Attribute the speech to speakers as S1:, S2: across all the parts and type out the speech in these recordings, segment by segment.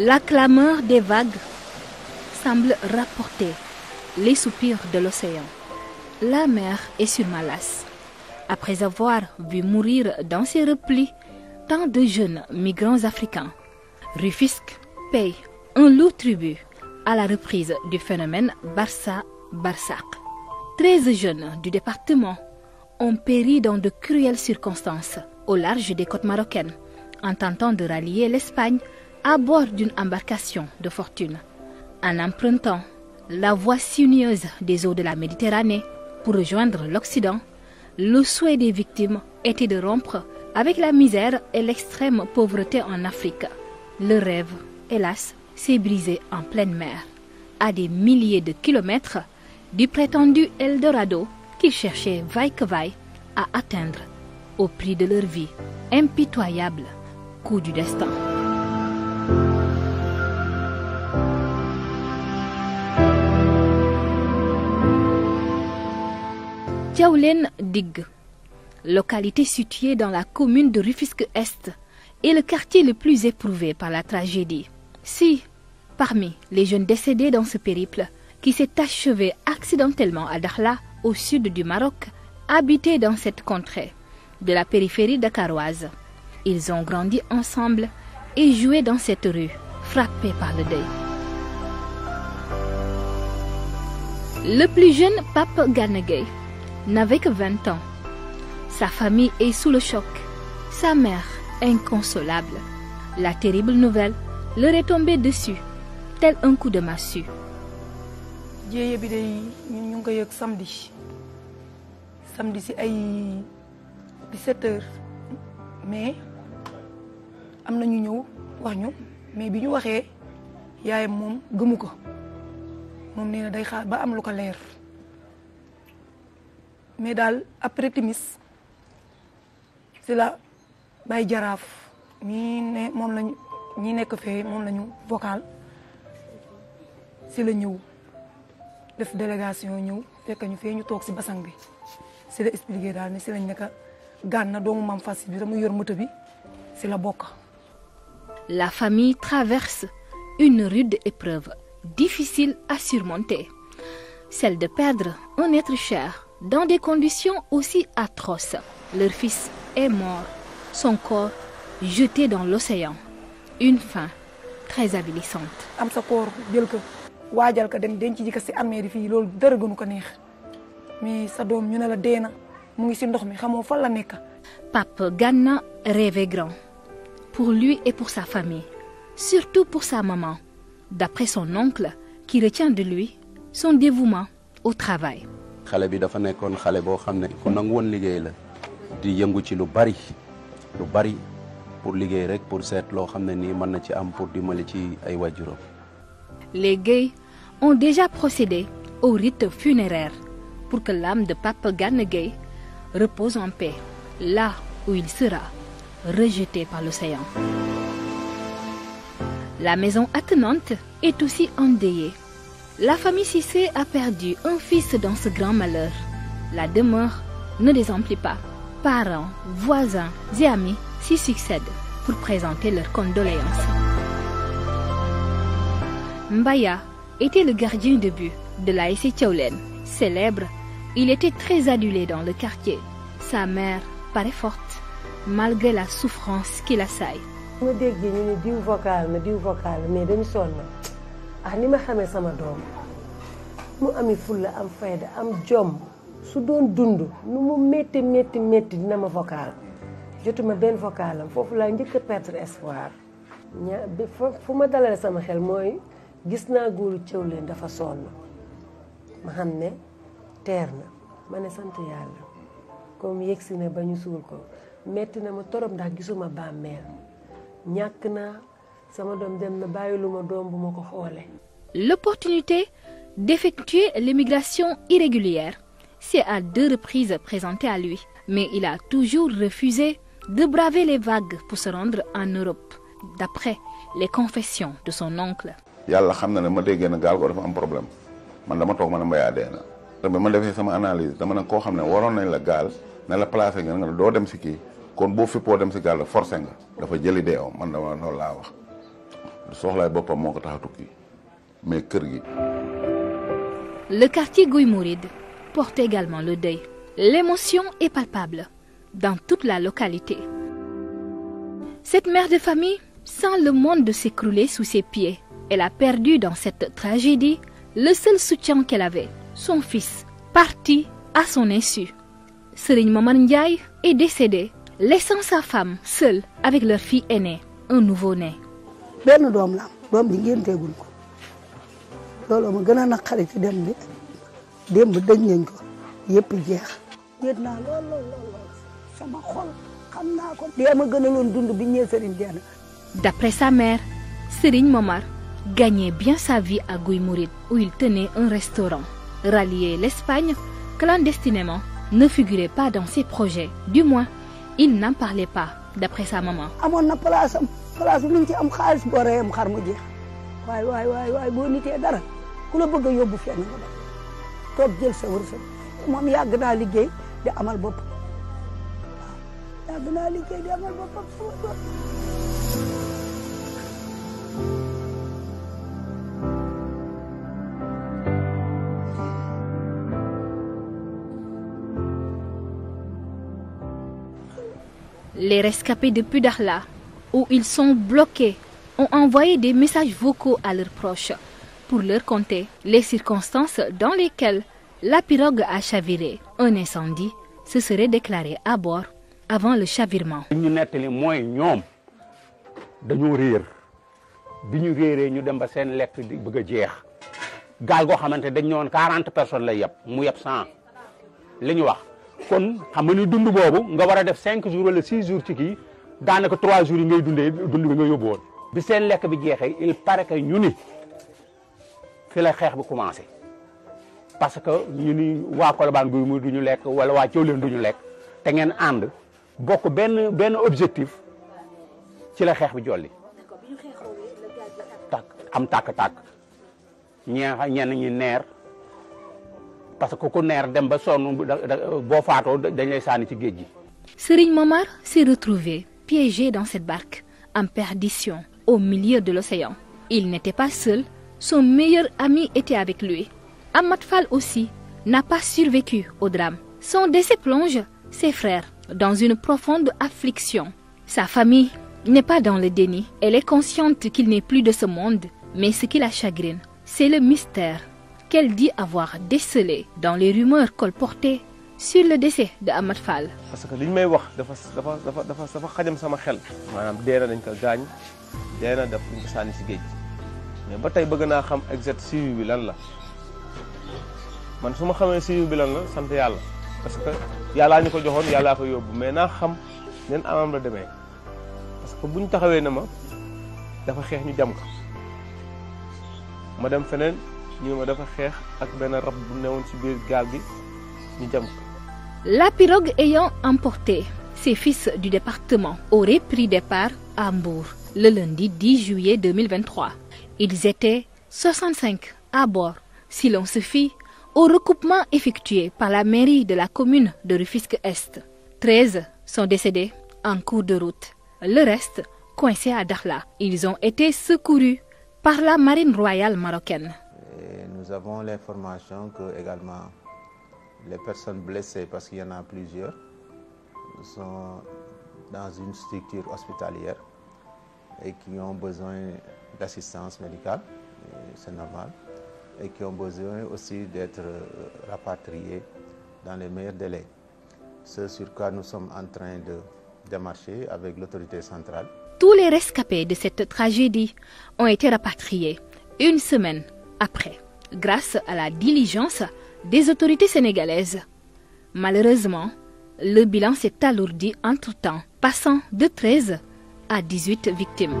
S1: La clameur des vagues semble rapporter les soupirs de l'océan. La mer est sur ma lasse. Après avoir vu mourir dans ses replis tant de jeunes migrants africains, Rufisque paye un lourd tribut à la reprise du phénomène Barça-Barsac. 13 jeunes du département ont péri dans de cruelles circonstances au large des côtes marocaines en tentant de rallier l'Espagne à bord d'une embarcation de fortune en empruntant la voie sinueuse des eaux de la Méditerranée pour rejoindre l'Occident, le souhait des victimes était de rompre avec la misère et l'extrême pauvreté en Afrique. Le rêve, hélas, s'est brisé en pleine mer, à des milliers de kilomètres du prétendu Eldorado qu'ils cherchaient vaille que vaille à atteindre au prix de leur vie impitoyable, coup du destin. Kaolène Digue, localité située dans la commune de Rufisque-Est, est le quartier le plus éprouvé par la tragédie. Si, parmi les jeunes décédés dans ce périple, qui s'est achevé accidentellement à Dakhla, au sud du Maroc, habitaient dans cette contrée de la périphérie dakaroise. Ils ont grandi ensemble et joué dans cette rue, frappée par le deuil. Le plus jeune Pape n'avait que 20 ans. Sa famille est sous le choc. Sa mère, inconsolable. La terrible nouvelle leur est tombée dessus, tel un coup de massue. jéeye bi day ñun ñu ngi ko yëg samedi samedi si ay 17 heures mais am na ñu ñëw wax ñu mais bi ñu waxee yaayam moom gëmu ko moom nee day xaar ba am lu ko leer. mais daal après timis si la bay jaraaf mii moom lañu ñi nekk fee moom lañu vocal si la ñëw def délégation ñëw fekk ñu fee ñu toog si basang bi si la expliqué daal ne si lañ nekk gànna doomu maam fas bi dama yor moto bi si la bokk. La famille traverse une rude épreuve difficile à surmonter, celle de perdre un être cher. dans des conditions aussi atroces. Leur fils est mort, son corps jeté dans l'océan. Une fin très avilissante. am sa koor jël ko waajal ko dem denc ji ko si armeer fii loolu dara gënu ko neex mais sa doom ñu ne la dee na mu ngi si ndox mi xamoo fan la nekk. Pape Gana rêvait grand pour lui et pour sa famille surtout pour sa maman d'après son oncle qui retient de lui son dévouement au travail. xale bi dafa nekkoon xale boo xam ne ku nangu woon liggéey la di yëngu ci lu bari lu bari pour liggéey rek pour seet loo xam ne nii mën na ci am pour dimbali ci ay waajuram. Les Guèye ont déjà procédé au rite funéraire pour que l'âme de Papa Gana Guèye repose en paix là où il sera rejeté par l'océan. La maison attenante est aussi endeuillée La famille Cissé a perdu un fils dans ce grand malheur. La demeure ne les pas. Parents, voisins et amis s'y succèdent pour présenter leurs condoléances. Mbaya était le gardien de de la Tchaoulen. Célèbre, il était très adulé dans le quartier. Sa mère paraît forte, malgré la souffrance qui l'assaille. ah ni ma xamee sama doom mu ami fulla am fayda am jom su doon dund nu mu métti métti métti dina ma vocal jotuma benn vocalam foofu laa njëkk a perdre espoir ña bi fu ma dalale sama xel mooy gis naa góoru cëw leen dafa sonn ma xam ne teer na ma ne sant yàlla comme yegsi na ba ñu suul ko metti na ma torop ndax gisuma bàmmeel ñàkk naa sama doom dem na bàyyiluma doom bu ma ko xoole l'opportunité d'effectuer l'immigration irrégulière s'est à deux reprises présentée à lui mais il a toujours refusé de braver les vagues pour se rendre en Europe d'après les confessions de son oncle yàlla xam na ne ma déggee na gaal ko dafa am problème man dama toog ma ne mbayaa dee na ba ma defee sama analyse dama ne koo xam ne waroon nañ la gaal ne la placé nga nga doo dem si kii kon boo fippoo dem si gaal la forcé nga dafa jëli dee man dama loolu laa wax soxlaay boppam moo ko Le quartier Guy Mouride porte également le deuil. L'émotion est palpable dans toute la localité. Cette mère de famille sent le monde s'écrouler sous ses pieds. Elle a perdu dans cette tragédie le seul soutien qu'elle avait, son fils, parti à son insu. Serigne Momar Ndiaye est décédé, laissant sa femme seule avec leur fille aînée, un nouveau-né. benn doom la am doom ji ngénteeguñ ko loolu ma gën a naqari ci dem bi démb dëj ko yëpp jeex. yéet naa lool lool sama xol xam naa ko. dee ma gën a loon dund bi ñëwee Serigne Dieng. D'après sa mère Serigne Momar gagnait bien sa vie à Guy où il tenait un restaurant. Rallier l'Espagne clandestinement ne figurait pas dans ses projets du moins il n'en parlait pas d'après sa maman. place bi luñ ci am xaalis boo rey xar mu jeex waaye waay waay waay boo nitee dara ku la bëgg a yóbbu fenn nga def toog jël sa wërsëg moom yàgg naa liggéey di amal bopp waaw yàgg naa liggéey di amal bopp ak où ils sont bloqués ont envoyé des messages vocaux à leurs proches pour leur conter les circonstances dans lesquelles la pirogue a chaviré. Un incendie se serait déclaré à bord avant le chavirement. li ñu nettali mooy ñoom dañoo réer bi ñu réeree ñu dem ba seen lekk di bëgg a jeex gaal goo xamante dañ ñëwoon quarante personnes lay yeb mu yeb cent li ñu wax kon xam nga boobu nga war a def cinq jours wala six jours ci daanaka trois jours yi ngay dundee dund bi nga yóbbu bi seen lekk bi jeexee il pare que ñu ni fi la xeex bi commencé parce que ñu ni waa Colobane guy mu du ñu lekk wala waa Thiawlène du ñu lekk te ngeen ànd bokk benn benn objectif ci la xeex bi jolli tàkk am tàkk-tàkk ñeexa ñenn ñi neer parce que ku neer dem ba sonn boo faatoo dañ lay sànni ci géej gi Serigne Momar s'est retrouvé piégé dans cette barque, en perdition, au milieu de l'océan. Il n'était pas seul, son meilleur ami était avec lui. Ahmad aussi n'a pas survécu au drame. Son décès plonge ses frères dans une profonde affliction. Sa famille n'est pas dans le déni. Elle est consciente qu'il n'est plus de ce monde, mais ce qui la chagrine, c'est le mystère qu'elle dit avoir décelé dans les rumeurs sur le décès de Amath Fall. parce que li ñu may wax dafa dafa dafa dafa dafa xajam sama xel. maanaam dee na dañ ko gaañ dee na daf sànni si géej mais ba tey bëgg naa xam exact suivi bi lan la man su ma xamee suivi bi lan la sant yàlla parce que yàllaa ñu ko joxoon yàllaa ko yóbbu mais naa xam neen amam la demee parce que bu ñu taxawee ne ma dafa xeex ñu jam ko ma dem feneen ñu ma dafa xeex ak benn rab bu newoon ci biir gaal bi ñu jam ko La pirogue ayant emporté ses fils du département aurait pris départ à Hambourg le lundi 10 juillet 2023. Ils étaient 65 à bord, si l'on se fie au recoupement effectué par la mairie de la commune de Rufisque-Est. 13 sont décédés en cours de route. Le reste coincé à Dakhla. Ils ont été secourus par la marine royale marocaine. Les personnes blessées, parce qu'il y en a plusieurs, sont dans une structure hospitalière et qui ont besoin d'assistance médicale, c'est normal, et qui ont besoin aussi d'être euh, rapatriés dans les meilleurs délais. Ce sur quoi nous sommes en train de démarcher avec l'autorité centrale. Tous les rescapés de cette tragédie ont été rapatriés une semaine après, grâce à la diligence des autorités sénégalaises. Malheureusement, le bilan s'est alourdi entre-temps, passant de 13 à 18 victimes.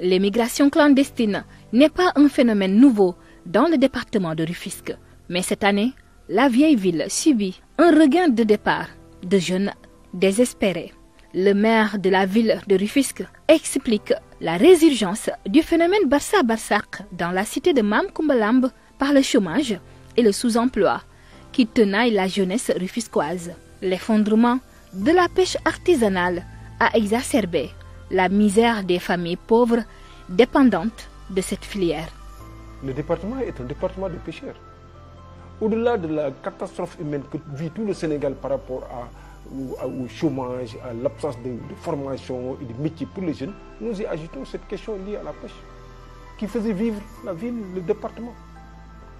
S1: L'émigration clandestine n'est pas un phénomène nouveau dans le département de Rufisque, mais cette année, la vieille ville subit un regain de départ de jeunes désespérés. Le maire de la ville de Rufisque explique la résurgence du phénomène Barça-Barsak dans la cité de Mam Kumbalambe par le chômage et le sous-emploi qui tenaillent la jeunesse rufiscoise. L'effondrement de la pêche artisanale a exacerbé la misère des familles pauvres dépendantes de cette filière. Le département est un département de pêcheurs. Au-delà de la catastrophe humaine que vit tout le Sénégal par rapport à, l'absence de, formation et de métier pour les jeunes, nous y ajoutons cette question liée à la pêche qui faisait vivre la ville, le département.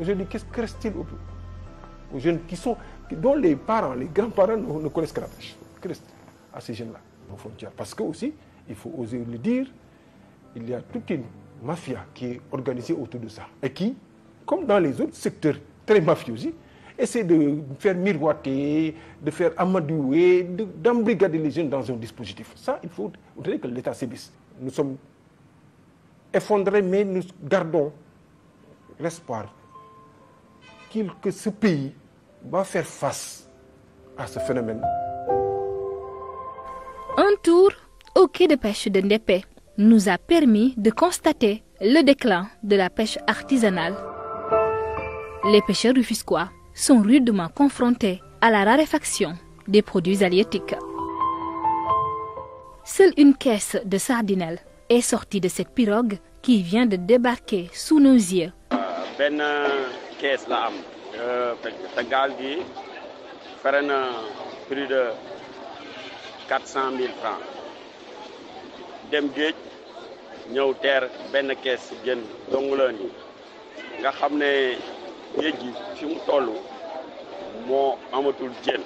S1: Aujourd'hui, qu'est-ce que reste-t-il aux, aux jeunes qui sont, dont les parents, les grands-parents ne, ne, connaissent que la tâche Que reste à ces jeunes-là aux frontières Parce que aussi, il faut oser le dire, il y a toute une mafia qui est organisée autour de ça et qui, comme dans les autres secteurs très mafieux aussi, essaie de faire miroiter, de faire amadouer, d'embrigader de, les jeunes dans un dispositif. Ça, il faut on dirait que l'État s'ébisse. Nous sommes effondrés, mais nous gardons l'espoir tranquille que ce pays va faire face à ce phénomène. Un tour au quai de pêche de Ndépé nous a permis de constater le déclin de la pêche artisanale. Les pêcheurs rufisquois sont rudement confrontés à la raréfaction des produits halieutiques. Seule une caisse de sardinelles est sortie de cette pirogue qui vient de débarquer sous nos yeux benn kees la am te gaal gi fere na plus de quatre cent mille francs dem géej ñëw teer benn kees jën dongulaan yi nga xam ne géej gi fi mu toll moo amatul jën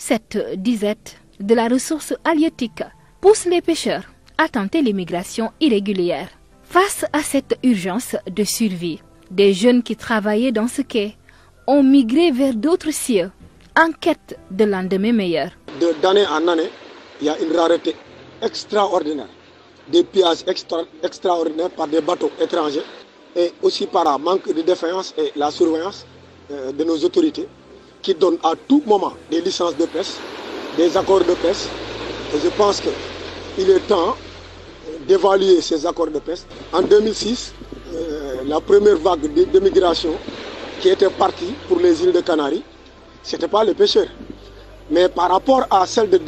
S1: Cette disette de la ressource halieutique pousse les pêcheurs à tenter l'immigration irrégulière. Face à cette urgence de survie, Des jeunes qui travaillaient dans ce quai ont migré vers d'autres cieux en quête de lendemain meilleur. D'année en année, il y a une rareté extraordinaire, des pillages extra, extraordinaires par des bateaux étrangers et aussi par un manque de défaillance et la surveillance euh, de nos autorités qui à tout moment des licences de pêche, des accords de pêche. Et je pense qu'il est temps euh, d'évaluer ces accords de pêche. En 2006, Euh, la première vague d'émigration qui était partie pour les îles de Canaries, ce n'était pas les pêcheurs. Mais par rapport à celle de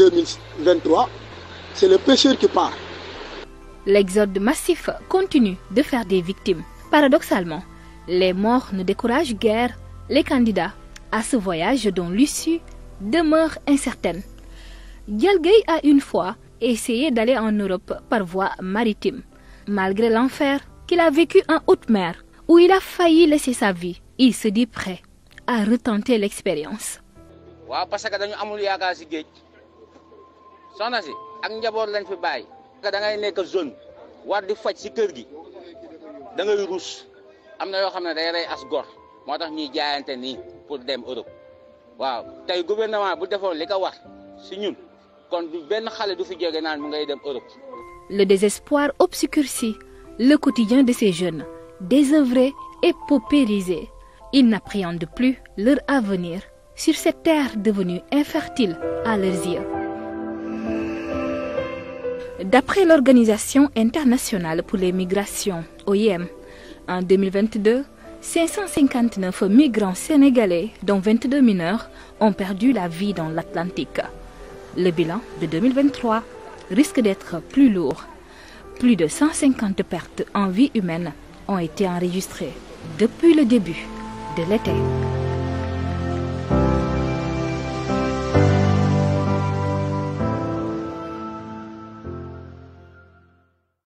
S1: c'est le pêcheur qui part. L'exode massif continue de faire des victimes. Paradoxalement, les morts ne découragent guère les candidats à ce voyage dont l'issue demeure incertaine. Dialgay a une fois essayé d'aller en Europe par voie maritime. Malgré l'enfer, qu'il a vécu en haute maire où il a failli laisser sa vie. Il se dit prêt à retenter l'expérience. waaw parce que dañu amul yaakaar si géej ak njaboot lañ fi bàyyi. da ngay nekk zone war di faj si kër gi da ngay ruus am na yoo xam ne day rey as gor moo tax ñuy jaayante ni pour dem Europe waaw tey gouvernement bu defoon li ko war si ñun kon du benn xale du fi jóge naan mu ngay dem Europe. Le désespoir obscurcit le quotidien de ces jeunes, désœuvrés et paupérisés. Ils n'appréhendent plus leur avenir sur cette terre devenue infertile à leurs yeux. D'après l'Organisation internationale pour les migrations, OIM, en 2022, 559 migrants sénégalais, dont 22 mineurs, ont perdu la vie dans l'Atlantique. Le bilan de 2023 risque d'être plus lourd plus de 150 pertes en vie humaine ont été enregistrées depuis le début de l'été.